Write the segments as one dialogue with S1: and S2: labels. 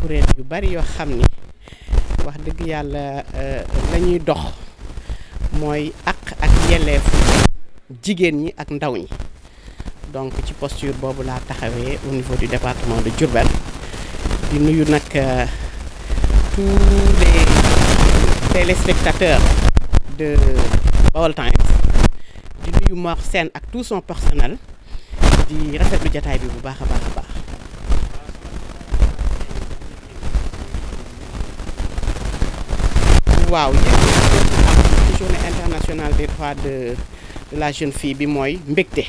S1: kuréel yu bari yoo xam ni wax dëgg yàlla euh, la ñuy dox mooy àq ak yelleefu jigéen ñi ak ndaw ñi donc ci posture boobu laa taxawee au niveau du département de Diourbel di nuyu nag euh, tous les téléspectateurs de Baol Times di nuyu Mor seen ak tout son personnel di rafetlu jataay bi bu baax a baax a baax waaw ci journée internationale des droits de la jeune fii bi mooy mbégte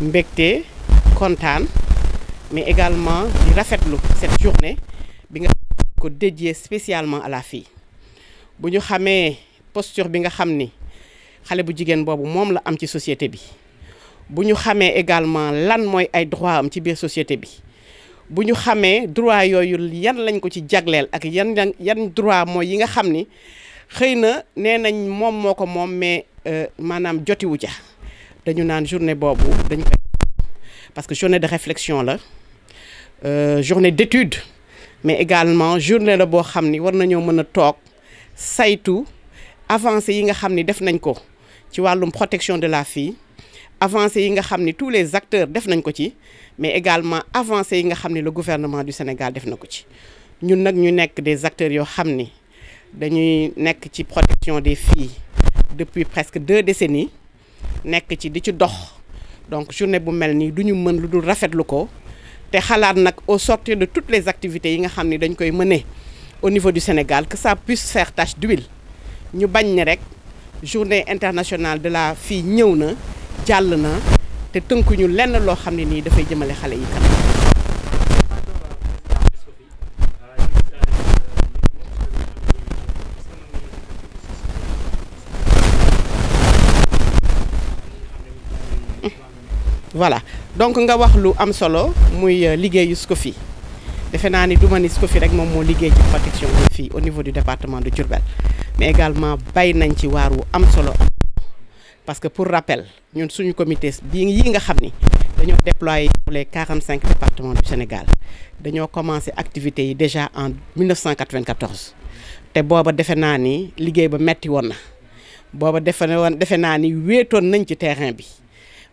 S1: mbégte kontaan mais également di rafetlu cette journée bi nga ko dédié spécialement à la fille bu ñu xamee posture bi nga xam ni xale bu jigéen boobu moom la am ci société bi bu ñu xamee également lan mooy ay droit am ci biir société bi bu ñu xamee droit yooyu yan lañ ko ci jagleel ak yan yan droit mooy yi nga xam ni xëy na nee nañ moom moo ko moom mais euh, maanaam jotiwu ca dañu naan journée boobu dañ parce que journée de réflexion la euh, journée d'étude mais également journée la boo xam ni war nañoo mën a toog saytu avancé yi nga xam ni def nañ ko ci wàllum protection de la fille avancé yi nga xam ni tous les acteurs def nañ ko ci mais également avancées yi nga xam ni la gouvernement du Sénégal def na ko ci ñun nag ñu nekk des acteurs yoo xam ni dañuy nekk ci protection des fii depuis presque deux décennies nekk ci di ci dox donc journée bu mel nii du ñu mën lu dul rafetlu ko te xalaat nag au sortir de toutes les activités yi nga xam ni dañ koy mëne au niveau du Sénégal que ça puisse faire tache d'huile ñu bañ ne rek journée internationale de la fille ñëw na jàll na te tënkuñu lenn loo xam ne nii dafay jëmale xale yi kanam. voilà donc nga wax lu am solo muy ko euh, SCOFI defe naa ni duma ni fi rek moom moo liggéey ci protection des filles au niveau du département de Diourbel mais également bay nañ ci waar wu am solo. parce que pour rappel ñun suñu comité bii yi nga xam ni dañoo déployé pour les 45 départements du Sénégal dañoo commencé activités yi déjà en 1994 te booba defe naa ni liggéey ba metti woon na booba defe woon defe naa ni wéetoon nañ ci terrain bi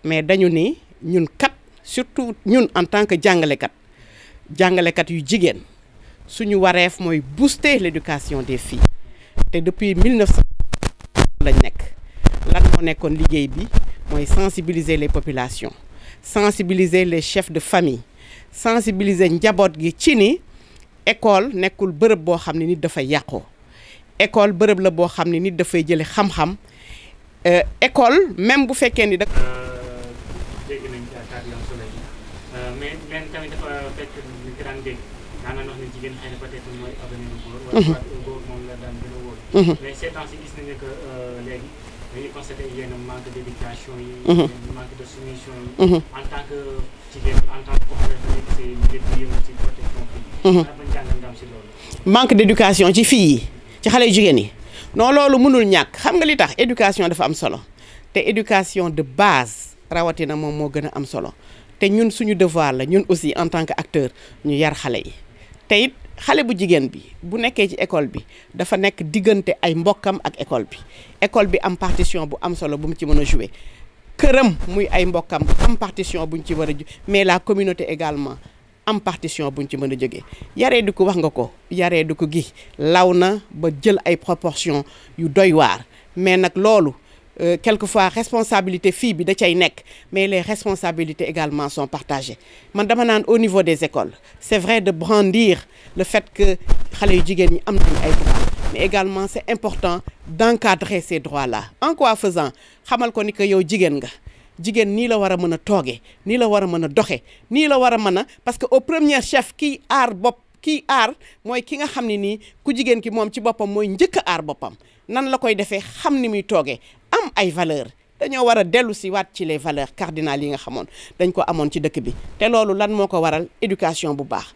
S1: mais dañu ni ñun kat surtout ñun en tant que jàngalekat jàngalekat yu jigéen suñu wareef mooy booster l'éducation des fii te depuis 1900 lañ nekk. lan moo nekkoon liggéey bi mooy sensibiliser les populations sensibiliser les chefs de famille sensibiliser njaboot gi ci ni école nekkul bërëb boo xam ne nit dafay yàqoo école bërëb la boo xam ne nit dafay jële xam-xam euh, école même bu fekkee ni da euh, euh, mooy avenir mhm. góor moom la daan gën dañuy constater yenn manque d'éducation mm-hmm. de soumission yi. Mm-hmm. Mm-hmm. ci fii yi ci xale yu jigéen yi non loolu mënul ñàkk xam nga li tax éducation dafa am solo te éducation de base rawatina moom moo gën a am solo te ñun suñu devoir la ñun aussi en tant que acteur ñu yar xale yi te xale bu jigéen bi bu nekkee ci école bi dafa nekk diggante ay mbokkam ak école bi école bi am partition bu am solo bu mu ci mën a jouer këram muy ay mbokkam am partition buñ ci war a ju mais la communauté également am partition buñ ci mën a jóge yaree du ko wax nga ko yaree du ko gi law na ba jël ay proportion yu doy waar mais nag loolu Euh, quelquefois responsabilité fii bi da cay nekk mais les responsabilités également son partagées man dama naan au niveau des écoles c'est vrai de brandir le fait que xale yu jigéen ñi am nañ ay droits mais également c'est important d'encadrer ces droits la en quoi faisant xamal ko ni que yow jigéen nga jigéen nii la war a mën a toogee nii la war a mën a doxee nii la war a parce que au premier chef kiy aar bopp kii aar mooy ki nga xam ne nii ku jigéen ki moom ci boppam mooy njëkk aar boppam nan la koy defee xam ni muy toogee am ay valeur dañoo war a dellu si waat ci les valeurs cardinales yi nga xamoon dañ ko amoon ci dëkk bi te loolu lan moo ko waral éducation bu baax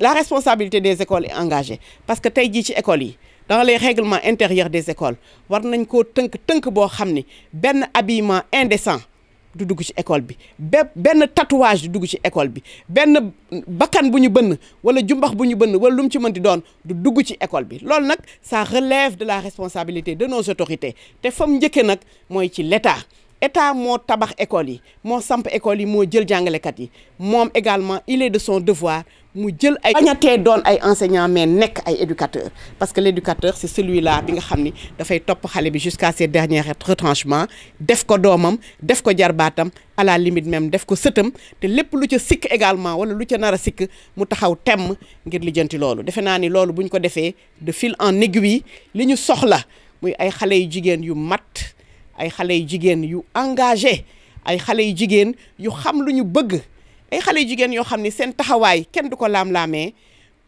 S1: la responsabilité des écoles est engagée parce que tey jii ci école yi dans les règlements intérieurs des écoles war nañ koo tënk tënk boo xam ni benn habillement indécent du dugg ci école bi bépp benn tatouage du dugg ci école bi benn bakkan bu ñu bënn wala jumbax bu ñu bënn wala lum mu ci mënti doon du dugg ci école bi loolu nag ça relève de la responsabilité de nos autorités te fam njëkke nag mooy ci l'État état moo tabax école yi moo samp école yi moo jël jàngalekat yi moom également il est de son devoir mu jël ay bañatee doon ay enseignant nekk ay éducateur parce que l' éducateur c' est celui là bi nga xam ni dafay topp xale bi jusqu'à ses derniers retranchements def ko doomam def ko jarbaatam à la limite def ko sëtam te lépp lu ca sikk également wala lu ca nar a sikk mu taxaw temm ngir lijjanti loolu defe naa ni loolu buñ ko defee de fil en aiguille li ñu soxla muy ay xale yu jigéen yu mat ay xale yu jigéen yu engage ay xale yu jigéen yu xam lu ñu bëgg ay xale yu jigéen yoo xam ni seen taxawaay kenn du ko laam-laamee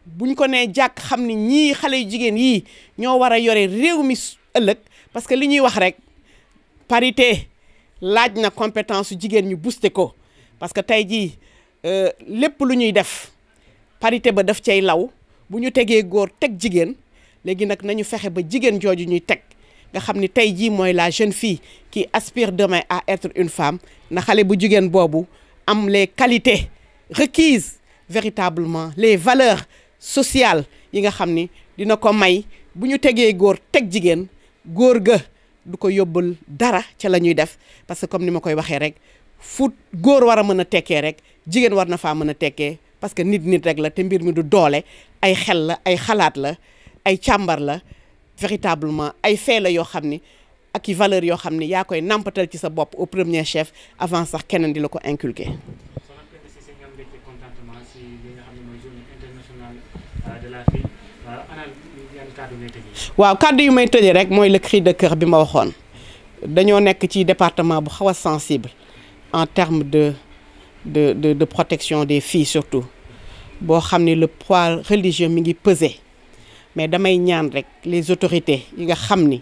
S1: buñ ko nee jàkk xam ni ñii xale yu jigéen yii ñoo war a yore réew mi ëllëg parce que li ñuy wax rek parité laaj na compétence yu jigéen ñu booster ko parce que tey jii euh, lépp lu ñuy def parité ba def cey law bu ñu tegee góor teg jigéen léegi nag nañu fexe ba jigéen jooju ñuy teg nga xam ni tey jii mooy la jeune fii qui aspire demain à être une femme na xale bu jigéen boobu am les qualités requises véritablement les valeurs sociales yi nga xam ni dina ko may bu ñu tegee góor teg jigéen góor ga du ko yóbbul dara ca la ñuy def parce que comme ni ma koy waxee rek fu góor war a mën a tekkee rek jigéen war na faa mën a tekkee parce que nit nit rek la te mbir mi du doole ay xel la ay xalaat la ay càmbar la véritablement ay fee la yoo xam ni ak i valeurs yoo xam ne yaa koy nampatal ci sa bopp au premier chef avant sax keneen di la ko inculquer. waaw kàddu yu may tëjee rek mooy le cri de cœur bi ma waxoon dañoo nekk ci département bu xaw a sensible en termes de de de protection des fiis surtout boo xam ne le poids religieux mi ngi peser mais damay ñaan rek les autorités yi nga xam ni.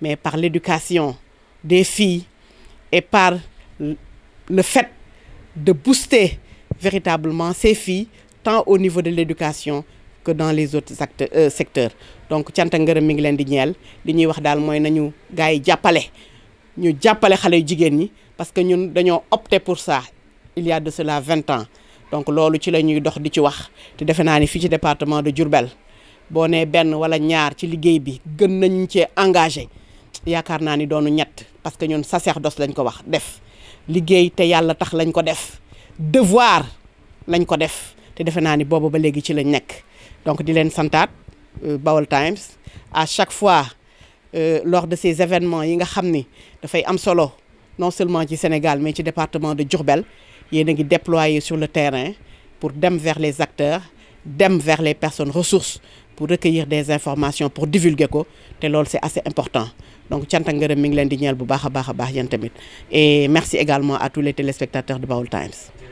S1: mais par l'éducation des fii et par le fait de booster véritablement ces fii tant au niveau de l'éducation que dans les autres acteurs, euh, Donc, cant ak mi ngi leen di ñeel li ñuy wax daal mooy nañu gars yi jàppale ñu jàppale xale yu jigéen ñi parce que ñun dañoo opté pour ça il y a de cela vingt ans donc loolu ci la ñuy dox di ci wax te defe naa ni fii ci département de Diourbel boo nee benn wala ñaar ci liggéey bi gën nañ cee engagé yaakaar naa ni doonu ñett parce que ñun sacerdoce lañ ko wax def liggéey te yàlla tax lañ ko def devoir lañ ko def te defe naa ni boobu ba léegi ci lañ nekk donc di leen santaat euh, Baol Times à chaque fois euh, lors de ces événements yi nga xam ni dafay am solo non seulement ci Sénégal mais ci département de Diourbel yéen a ngi déployé sur le terrain pour dem vers les acteurs dem vers les personnes ressources pour recueillir des informations pour divulguer ko te loolu c'est assez important donc cant ak ngërëm mi ngi leen di ñeel bu baax a baax a baax yéen tamit et merci également à tous les téléspectateurs de Baol Times